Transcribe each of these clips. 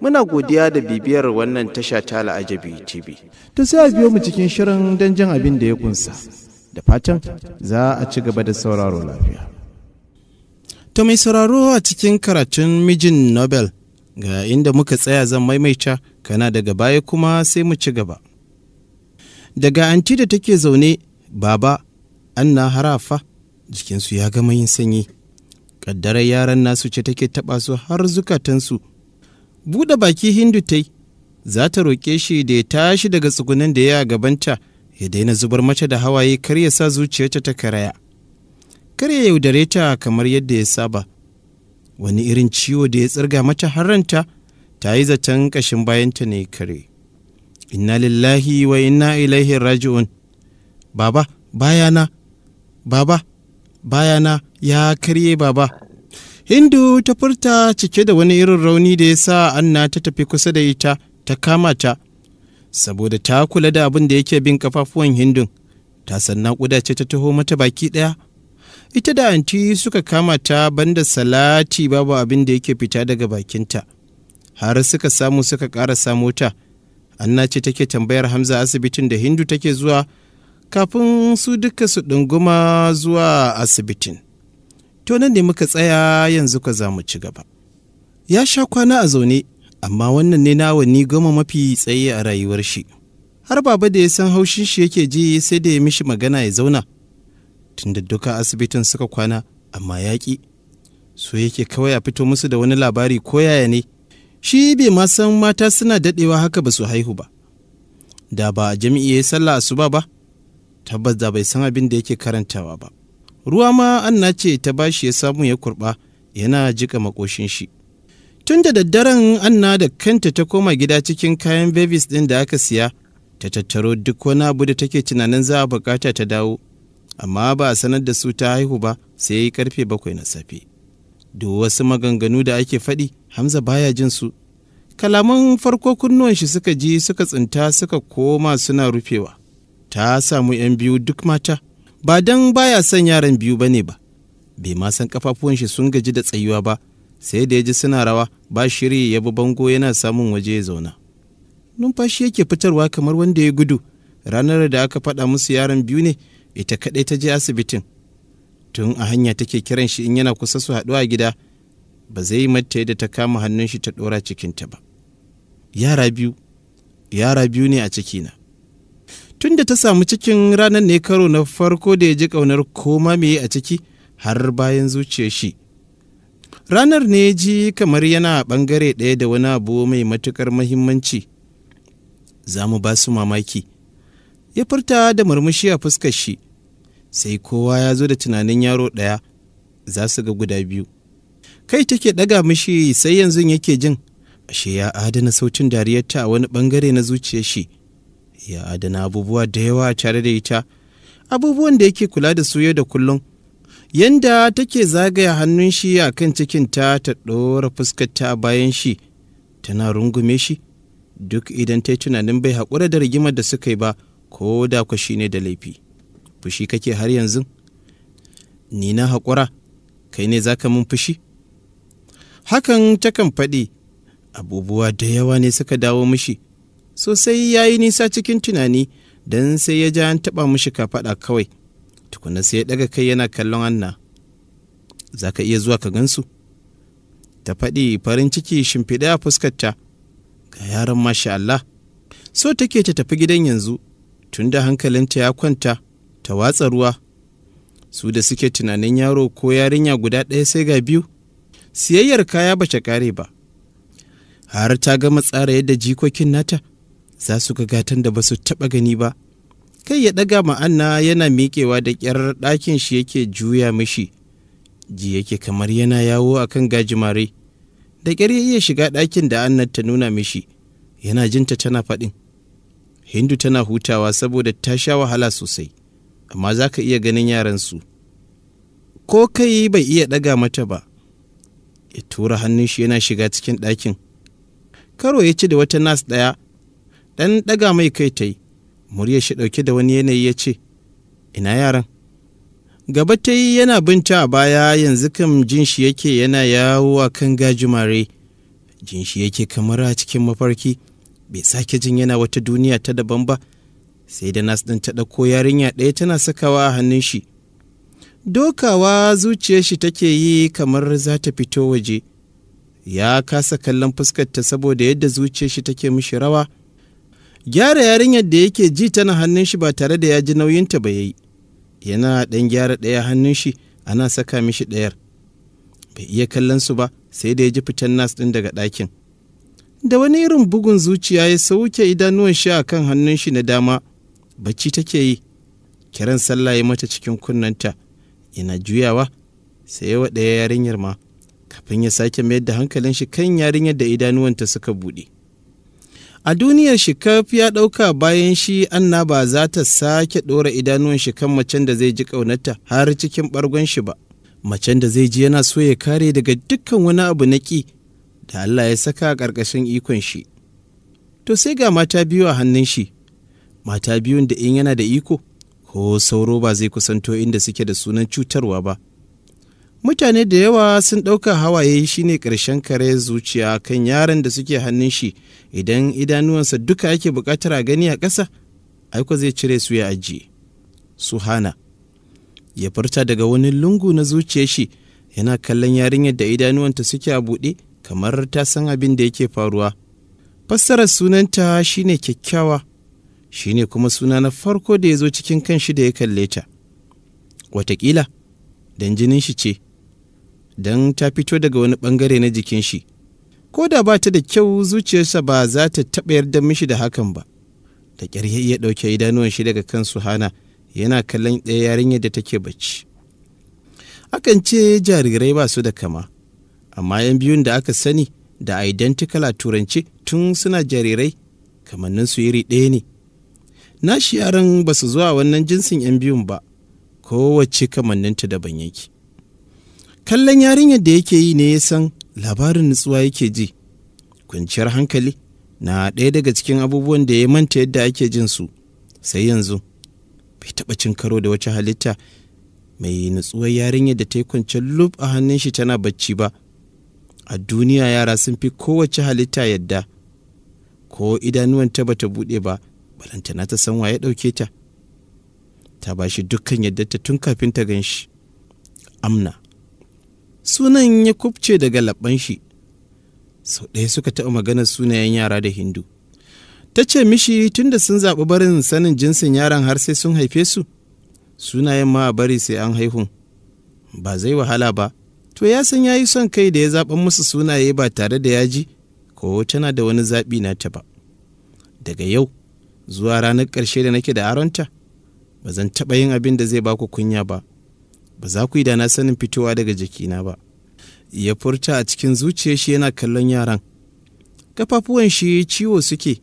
Muna godiya da bibiyar wannan tasha ta la'ajabi TV. To sai a biyo mu cikin shirin don jin abin da ya kunsa. Da fatan za a ci gaba da sauraro lafiya. To mai sauraro a cikin karatun mijin Nobel ga inda muka tsaya zan maimaita kana daga baya kuma sai mu ci gaba. Daga anti da take zaune baba Anna harafa jikinsu ya gama yin sanyi. Kaddarar yaran nasu ce take taɓa su har zukatansu buɗe baki hindu ta yi za ta roƙe shi da ya tashi daga tsugunin da ya a gabanta ya daina zubar mace da hawaye kar ya sa zuciyarta ta karaya kar ya yaudare ta kamar yadda ya saba wani irin ciwo da ya tsirga mata haranta ta yi zaton ƙashin bayanta ne kare inna lillahi wa inna ilaihi raji'un baba bayana baba bayana ya karye baba hindu ta furta cike da wani irin rauni da ya sa anna ta tafi kusa da ita ta kama ta saboda ta kula da abin da yake bin kafafuwan Hindu ta san naƙuda ce ta taho mata baki ɗaya ita da anti suka kama ta banda salati babu abin da yake fita daga bakinta har suka samu suka ƙara samu ta anna ce take tambayar hamza asibitin da hindu take zuwa kafin su duka su ɗunguma zuwa asibitin To nan ne muka tsaya yanzu ka za mu ci gaba. Ya sha kwana a zaune, amma wannan ne ni goma mafi tsaye a rayuwar shi. Har baba da ya san haushin shi yake ji sai da ya mishi magana ya zauna. Tunda duka asibitin suka kwana, amma yaƙi. So yake kawai a fito musu da wani labari ko yaya ne. Shi bai ma san mata suna dadewa haka ba su haihu ba. Da ba a jami'i ya yi sallah asuba ba, tabbas da bai san abin da yake karantawa ba. ruwa ma anna ce ta bashi ya samu ya kurɓa yana jika makoshin shi tun da daddaren anna da kanta ta koma gida cikin kayan babies ɗin da aka siya ta tattaro duk wani abu da take tunanin za a bukata ta dawo amma ba a sanar da su ta haihu ba sai ya yi karfe bakwai na safe duk wasu maganganu da ake faɗi hamza baya jin su kalaman farko kunnuwan shi suka ji suka tsinta suka koma suna rufewa ta samu 'yan biyu duk mata ba don baya son yaran biyu ba ne ba bai ma san kafafuwan shi sun gaji da tsayuwa ba sai da ya ji suna rawa ba shiri ya bi bango yana samun waje ya zauna numfashi yake fitarwa kamar wanda ya gudu ranar da aka faɗa musu yaran biyu ne ita kaɗai ta je asibitin tun a hanya take kiran shi in yana kusa su haɗu a gida ba zai yi mata yadda ta kama hannun shi ta ɗora cikinta ba yara biyu yara biyu ne a cikina tun da ta samu cikin ranar ne karo na farko da ya ji ƙaunar koma mai a ciki har bayan zuciyar shi ranar ne ji kamar yana bangare ɗaya da wani abu mai matuƙar mahimmanci za mu ba su mamaki ya furta da murmushi a fuskar shi sai kowa ya zo da tunanin yaro ɗaya za su ga guda biyu kai take ɗaga mishi sai yanzu yake jin ashe ya adana sautin dariyarta a wani bangare na zuciyar shi ya adana abubuwa da yawa tare da ita abubuwan da yake kula da su yau da kullum yanda take zagaya hannun shi a kan cikinta ta ɗora fuskarta a bayan shi tana rungume shi duk idan ta yi tunanin bai haƙura da rigimar da suka yi ba ko da ku shi ne da laifi fushi kake har yanzu ni na haƙura kai ne zaka ka mun fushi hakan takan faɗi abubuwa da yawa ne suka dawo mishi sosai ya yi nisa cikin tunani don sai ya ja an taɓa mushi kafaɗa kawai tukuna sai ya ɗaga kai yana kallon anna za ka iya zuwa ka gansu ta faɗi farin ciki shimfiɗa a fuskarta ga yaran masha Allah so take ta tafi gidan yanzu tun da hankalinta ya kwanta ta watsa ruwa su da suke tunanin yaro ko yarinya guda ɗaya sai ga biyu siyayyar kaya bace ƙare ba har ta gama tsara yadda jikokin nata za su ga gatan da ba su taɓa gani ba kai ya ɗaga ma'ana yana miƙewa da ƙyar ɗakin shi yake juya mishi ji yake kamar yana yawo a kan gajimare da ƙyar ya iya shiga ɗakin da annar ta nuna mishi yana jinta tana faɗin hindu tana hutawa saboda ta sha wahala sosai amma za ka iya ganin yaran su ko kai bai iya ɗaga mata ba ya tura hannun shi yana shiga cikin ɗakin karo ya ci da wata nas ɗaya ɗan ɗaga mai kai ta yi muryar shi ɗauke da wani yanayi ya ce ina yaran gaba ta yi yana binta a baya yanzu kam jin shi yake yana yawo a kan gajimare jin shi yake kamar a cikin mafarki bai sake jin yana wata duniya ta daban ba sai da nas ɗin ta ɗauko yarinya ɗaya tana sakawa a hannun shi dokawa zuciyar shi take yi kamar za ta fito waje ya kasa kallon fuskarta saboda yadda zuciyar shi take mishi rawa gyara yarinyar da yake ji tana hannun shi ba tare da ya ji nauyinta ba yayi yana ɗan gyara ɗaya hannun shi ana saka mishi ɗayar bai iya kallon su ba sai da ya ji fitan nas ɗin daga ɗakin da wani irin bugun zuciya ya sauke idanuwan shi a kan hannun shi na dama bacci take yi kiran sallah ya mata cikin kunnanta yana juyawa sai ya ɗaya yarinyar ma kafin ya sake mayar da hankalin shi kan yarinyar da idanuwanta suka buɗe. a duniyar shikaf ya ɗauka bayan shi anna ba za ta sake ɗora idanuwan shi kan macen da zai ji ƙaunarta har cikin ɓargon shi ba macen da zai ji yana so ya kare daga dukkan wani abu na ƙi da allah ya saka a ƙarƙashin ikon shi to sai ga mata biyu a hannun shi mata biyun da in yana da iko ko sauro ba zai kusanto inda suke da sunan cutarwa ba mutane da yawa sun ɗauka hawaye shine ƙarshen kare zuciya kan yaran da suke hannun shi idan idanuwansa duka yake buƙatar a gani a ƙasa aiko zai cire su ya ajiye suhana hana ya furta daga wani lungu na zuciya shi yana kallon yarinyar da idanuwanta suke a buɗe kamar ta san abin da yake faruwa fassarar sunanta shine kyakkyawa shine kuma suna na farko da ya zo cikin kan shi da ya kalle ta watakila don jinin shi ce don ta fito daga wani bangare na jikin shi ko da ba ta da kyau zuciyarsa ba za ta taɓa yarda mishi da hakan ba da ƙyar iya ɗauke idanuwan shi daga kan hana yana kallon ɗaya yarinyar da take bacci akan ce jarirai ba su da kama amma yan biyun da aka sani da identical a turance tun suna jarirai kamannin su iri ɗaya ne nashi yaran ba su zuwa wannan jinsin yan biyun ba kowace kamanninta daban yake kallon yarinyar da yake yi ne ya san labarin nutsuwa yake ji kwanciyar hankali na ɗaya daga cikin abubuwan da ya manta yadda ake jin su sai yanzu bai taɓa cin karo da wace halitta mai nutsuwar yarinyar da ta yi kwanciyar lub a hannun shi tana bacci ba a duniya yara sun fi kowace halitta yadda ko idanuwanta bata buɗe ba balantana ta san waye ɗauke ta ta ba shi dukkan yadda ta tun kafin ta gan shi amna sunan ya kubce daga labban shi sau ɗaya suka taɓa maganar sunayen yara da hindu ta ce mishi tunda sun zaɓi barin sanin jinsin yaran har sai sun haife su sunayen ma bari sai an haihun ba zai wahala ba to ya san ya yi son kai da ya zaɓan musu sunaye ba tare da ya ji ko tana da wani zaɓi na ta ba daga yau zuwa ranar ƙarshe da nake da aronta ba zan taɓa yin abin da zai baku kunya ba ba za ku yi da na sanin fitowa daga jikina ba ya furta a cikin zuciya shi yana kallon yaran kafafuwan shi ciwo suke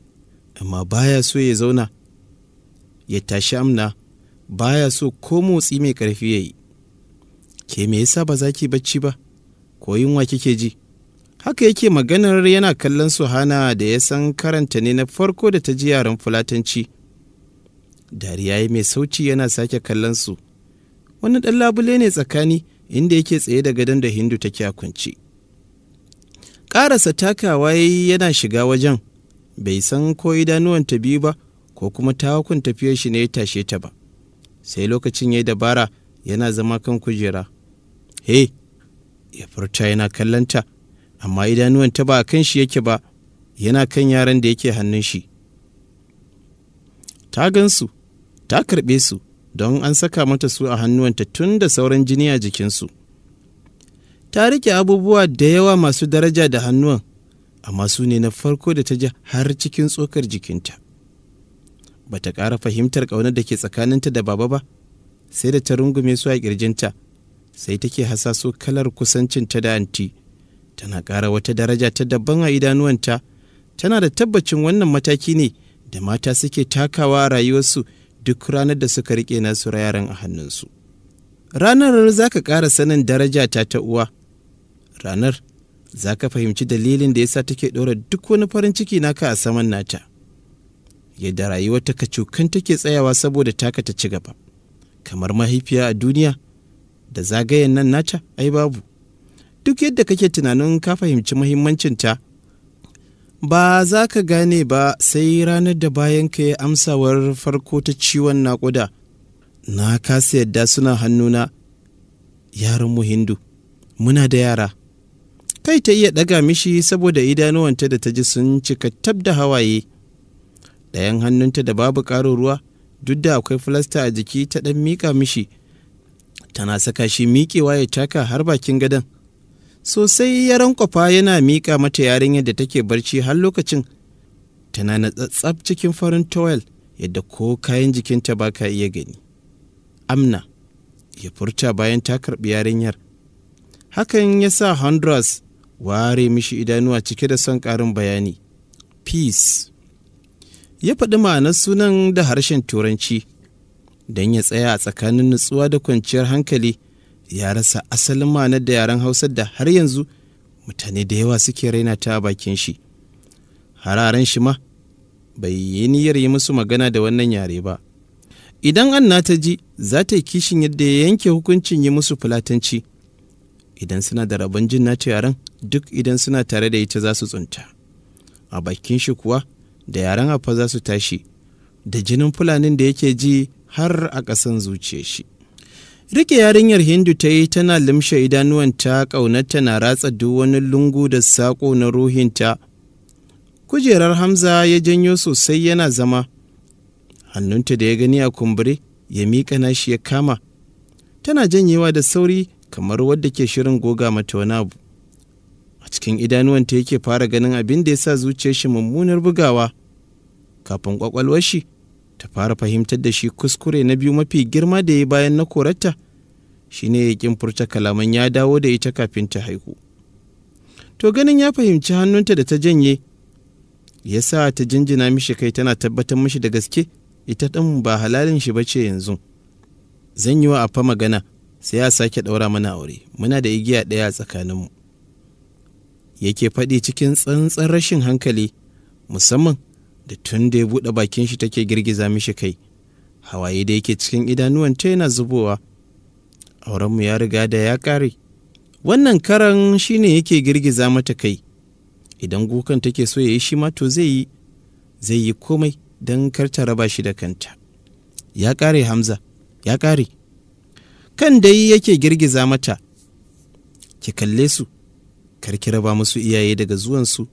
amma baya so ya zauna ya tashi amna baya so ko motsi mai ƙarfi ya yi ke me yasa ba za ki bacci ba ko yunwa kike ji haka yake maganar yana kallon su hana da ya san karanta ne na farko da ta ji yaran fulatanci dariya mai sauci yana sake kallon su wani ɗan labule ne tsakani inda yake tsaye da gadon da hindu take a kunci ƙarasa takawa yana shiga wajen bai san ko idanuwan ta biyu ba ko kuma tawakun tafiyar shi ne ya tashe ta ba sai lokacin ya yi dabara yana zama kan kujera he ya furta yana kallanta amma idanuwanta ba a kan shi yake ba yana kan yaran da yake hannun shi ta gansu ta karɓe su don an saka mata su a hannuwanta tun da sauran jini a jikinsu ta rike abubuwa da yawa masu daraja da hannuwan amma su ne na farko da ta ji har cikin tsokar jikinta ba ta ƙara fahimtar ƙaunar da ke tsakaninta da baba ba sai da ta rungume su a ƙirjinta sai take hasaso kalar kusancinta da anti tana ƙara wata daraja ta daban a idanuwanta tana da tabbacin wannan mataki ne da mata suke takawa a rayuwarsu duk ranar da suka riƙe nasu yaran a hannunsu ranar za ka ƙara sanin daraja ta ta uwa ranar za ka fahimci dalilin da ya sa take ɗora duk wani farin ciki naka a saman nata yadda rayuwar ta kacukan take tsayawa saboda taka ta ci gaba kamar mahaifiya a duniya da zagayen nan nata ai babu duk yadda kake tunanin ka fahimci ta? ba za ka gane ba sai ranar da bayan ka yi amsawar farko ta ciwon naƙuda na kasa yadda suna hannuna mu hindu muna da yara kai ta iya ɗaga mishi saboda idanuwanta da ta ji sun cika tab da hawaye ɗayan hannunta da babu ƙarin ruwa duk da akwai filasta a jiki ta ɗan miƙa mishi tana saka shi miƙewa ya taka har bakin gadon sosai ya rankwafa yana miƙa mata yarinyar da take barci har lokacin tana na tsatsab cikin farin towel yadda ko kayan jikinta ba ka iya gani amna ya furta bayan ta karɓi yarinyar hakan ya sa honduras ware mishi idanuwa cike da son ƙarin bayani peace ya faɗi ma'anar sunan da harshen turanci don ya tsaya a tsakanin nutsuwa da kwanciyar hankali ya rasa asalin ma'anar da yaren hausa da har yanzu mutane da yawa suke raina ta bakin shi hararen shi ma bai yi niyyar yi musu magana da wannan yare ba idan an ta ji za ta yi kishin yadda ya yanke hukuncin yi musu fulatanci idan suna da rabon jin nata yaren duk idan suna tare da ita za su tsunta a bakin shi kuwa da yaren hafa za su tashi da jinin fulanin da yake ji har a ƙasan zuciyar shi Rike yarinyar Hindu ta yi tana limshe idanuwanta ƙaunarta na ratsa duk wani lungu da saƙo na ruhinta. Kujerar Hamza ya janyo sosai yana zama. Hannunta da ya gani a kumbure ya miƙa nashi ya kama. Tana janyewa da sauri kamar wadda ke shirin goga mata wani abu. A cikin idanuwanta yake fara ganin abin da ya sa zuciyar shi mummunar bugawa. Kafin ƙwaƙwalwar shi ta fara fahimtar da shi kuskure na biyu mafi girma da ya bayan na koratta. shine ya kin furta kalaman ya dawo da ita kafin ta haihu to ganin ya fahimci hannunta da ta janye ya sa ta jinjina mishi kai tana tabbatar mishi da gaske ita ɗin ba halalin shi bace yanzu zan yi wa afa magana sai ya sake ɗaura mana aure muna da igiya ɗaya a tsakaninmu yake faɗi cikin tsantsan rashin hankali musamman da tun da ya buɗe bakin shi take girgiza mishi kai hawaye da yake cikin idanuwan ta yana zubowa aurenmu ya riga da ya ƙare wannan karan shine yake girgiza mata kai idan gukan take so ya yi shi ma to zai yi zai yi komai don kar ta raba shi da kanta ya ƙare hamza ya ƙare kan dai yake girgiza mata ki kalle su kar ki raba musu iyaye daga zuwansu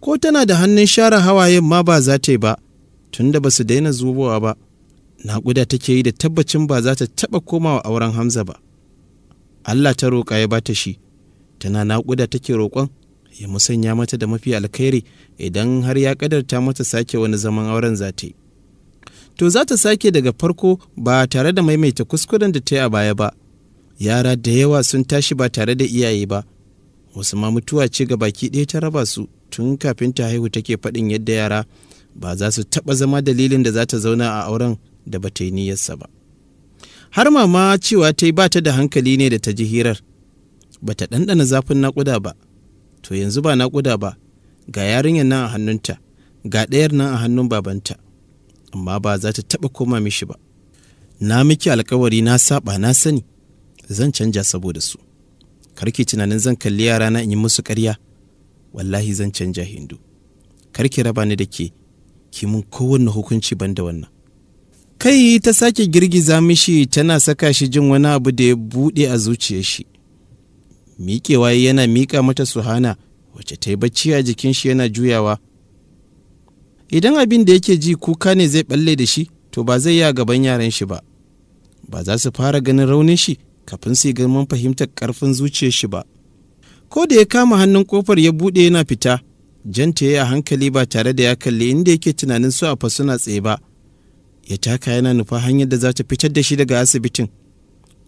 ko tana da hannun share hawayen ma ba za ta yi ba tunda ba su daina zubowa ba naƙuda take yi da tabbacin ba za ta taɓa komawa auren hamza ba allah ta roƙa ya bata shi tana naƙuda take roƙon ya musanya mata da mafi alkhairi idan har ya ƙadarta mata sake wani zaman auren za ta yi to za ta sake daga farko ba tare da maimaita kuskuren da ta yi a baya ba yara da yawa sun tashi ba tare da iyaye ba wasu ma mutuwa ce ga baki ɗaya ta raba su tun kafin ta haihu take faɗin yadda yara ba za su taɓa zama dalilin da za ta zauna a auren da ba ta yi niyyarsa ba har mama cewa ta yi ba ta da hankali ne da ta ji hirar ba ta ɗanɗana zafin naƙuda ba to yanzu ba naƙuda ba ga yarinyar nan a hannunta ga ɗayar nan a hannun babanta amma ba za ta taɓa koma mishi ba na miki alkawari na saɓa na sani zan canja saboda su karki tunanin zan kalli yara na in yi musu karya wallahi zan canja hindu karki raba ni da ke ki mun kowanne hukunci ban da wannan kai ta sake girgiza mishi tana saka shi jin wani abu da ya buɗe a zuciyar shi miƙewa yana miƙa mata suhana wacce ta yi bacci a jikin shi yana juyawa idan abin da yake ji kuka ne zai ɓalle da shi to ba zai yi a gaban yaran shi ba ba za su fara ganin raunin shi kafin sai girman fahimtar karfin zuciyar shi ba ko da ya kama hannun kofar ya bude yana fita jan ya a hankali ba tare da ya kalli inda yake tunanin su a fasuna tsaye ba ya taka yana nufa hanyar da za ta fitar da shi daga asibitin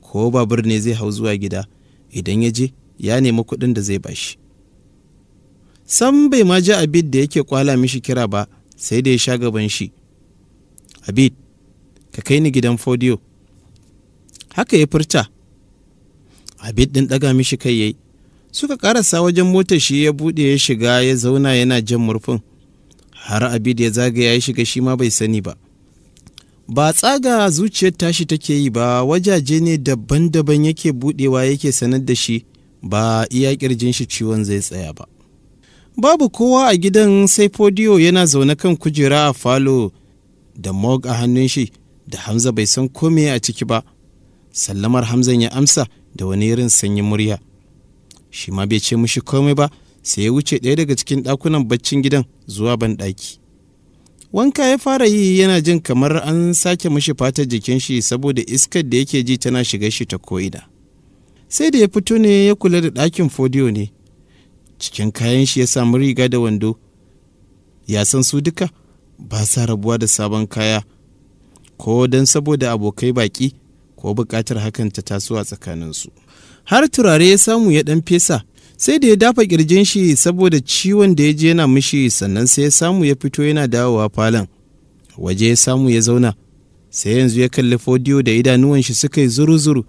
ko babur ne zai hau zuwa gida idan ya je ya nemi kuɗin da zai ba shi sam bai ma ji abid da yake kwala mishi kira ba sai da ya sha gaban shi abid ka kai ni gidan fodiyo haka ya furta abid ɗin ɗaga mishi kai yayi suka karasa wajen motar shi ya buɗe ya shiga ya zauna yana jan murfin har abid ya zagaya ya shiga shi ma bai sani ba ba tsaga zuciyar tashi take yi ba wajaje ne daban-daban yake buɗewa yake sanar da shi ba iya kirjin shi ciwon zai tsaya ba babu kowa a gidan sai fodiyo yana zaune kan kujera a falo da mog a hannun shi da hamza bai san kome a ciki ba sallamar hamzan ya amsa da wani irin sanyi murya shi ma bai ce mushi komai ba sai ya wuce ɗaya daga cikin ɗakunan baccin gidan zuwa banɗaki wanka ya fara yi yana jin kamar an sake mushi fatar jikin shi saboda iskar da yake ji tana shiga shi ta ko'ida. sai da ya fito ne ya kula da ɗakin fodiyo ne cikin kayan shi ya samu riga da wando ya san su duka ba sa rabuwa da sabon kaya ko don saboda abokai baƙi ko buƙatar hakan ta taso a tsakaninsu har turare ya samu ya ɗan fesa sai da ya dafa kirjin shi saboda ciwon da ya je yana mishi sannan sai ya samu ya fito yana dawowa falon waje ya samu ya zauna sai yanzu ya kalli fodiyo da idanuwan shi suka yi zuru-zuru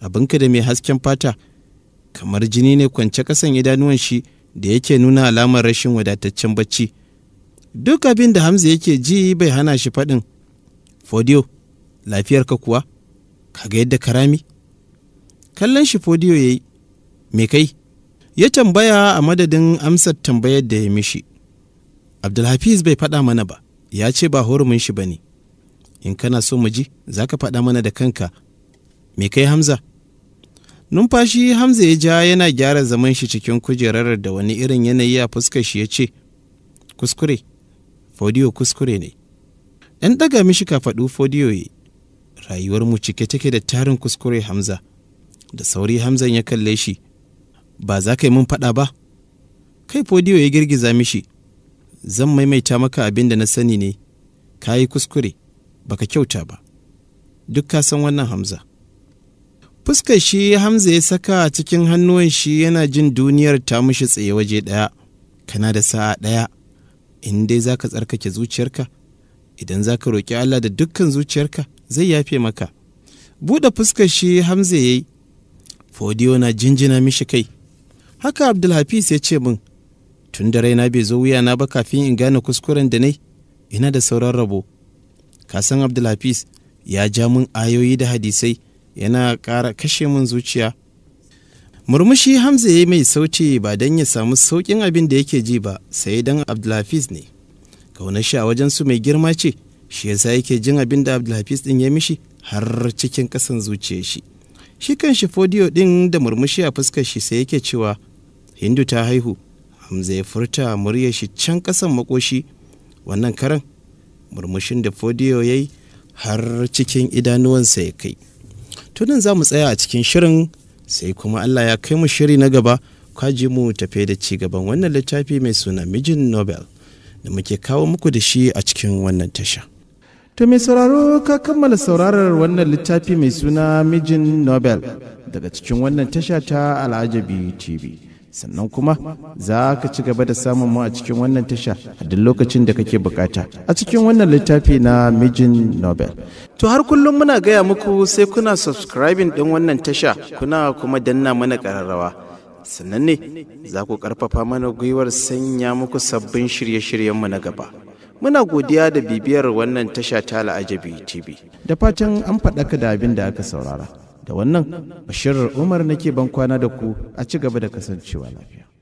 abinka da mai hasken fata kamar jini ne kwance kasan idanuwan shi da yake nuna alamar rashin wadataccen bacci duk abin da hamza yake ji bai hana shi faɗin fodiyo lafiyarka kuwa kaga yadda karami kallon shi fodiyo ya yi me kai ya tambaya a madadin amsar tambayar da ya mishi abdulhafiz bai faɗa mana ba ya ce ba hurumin shi ba ne in kana so mu ji za ka faɗa mana da kanka me kai hamza numfashi hamza ya ja yana gyara zaman shi cikin kujerar da wani irin yanayi a fuskar shi ya ce kuskure fodiyo kuskure ne ɗan ɗaga mishi ka faɗu fodiyo yi rayuwar mu cike take da tarin kuskure hamza da sauri hamzan ya kalle shi ba za ka yi mun faɗa ba kai fodiyo ya girgiza mishi zan maimaita maka abin da na sani ne ka yi kuskure baka kyauta ba duk ka san wannan hamza fuskar shi hamza ya saka cikin hannuwan shi yana jin duniyar ta mushi tsaye waje ɗaya kana da sa'a ɗaya in dai za ka tsarkake zuciyarka idan za ka roƙi allah da dukkan zuciyarka zai yafe maka buɗe fuskar shi hamza ya yi fodiyo na jinjina mishi kai haka abdulhafiz ya ce min tun da raina bai zo wuya na ba kafin in gane kuskuren da nai ina da sauran rabo kasan abdulhafiz ya ja min ayoyi da hadisai yana ƙara kashe min zuciya murmushi hamza ya yi mai sauci ba don ya samu sauƙin abin da yake ji ba sai don abdulhafiz ne Kauna sha a wajen su mai girma ce shi yasa yake jin abin da abdulhafiz din ya mishi har cikin kasan zuciyar shi shi kan shi fodiyo din da murmushi a fuskar shi sai yake cewa hindu ta haihu hamza ya furta muryar shi can kasan makoshi wannan karan murmushin da fodiyo ya yi har cikin idanuwansa ya kai tunan za mu tsaya a cikin shirin sai kuma allah ya kai mu shiri na gaba kwaji mu tafe da ci gaban wannan littafi mai suna mijin nobel da muke kawo muku da shi a cikin wannan tasha. To mai sauraro ka kammala saurarar wannan littafi mai suna mijin Nobel daga cikin wannan tasha ta Al'ajabi TV. Sannan kuma za ka ci gaba da samun mu a cikin wannan tasha a duk lokacin da kake bukata a cikin wannan littafi na mijin Nobel. To har kullum muna gaya muku sai kuna subscribing ɗin wannan tasha kuna kuma danna mana kararrawa. Sannan ne za ku karfafa mana gwiwar sanya muku sabbin shirye-shiryenmu na gaba. muna godiya da bibiyar wannan tasha ta la'ajabi tv da fatan an faɗaka da abin da aka saurara da wannan bashirar umar nake ban kwana da ku a ci gaba da kasancewa lafiya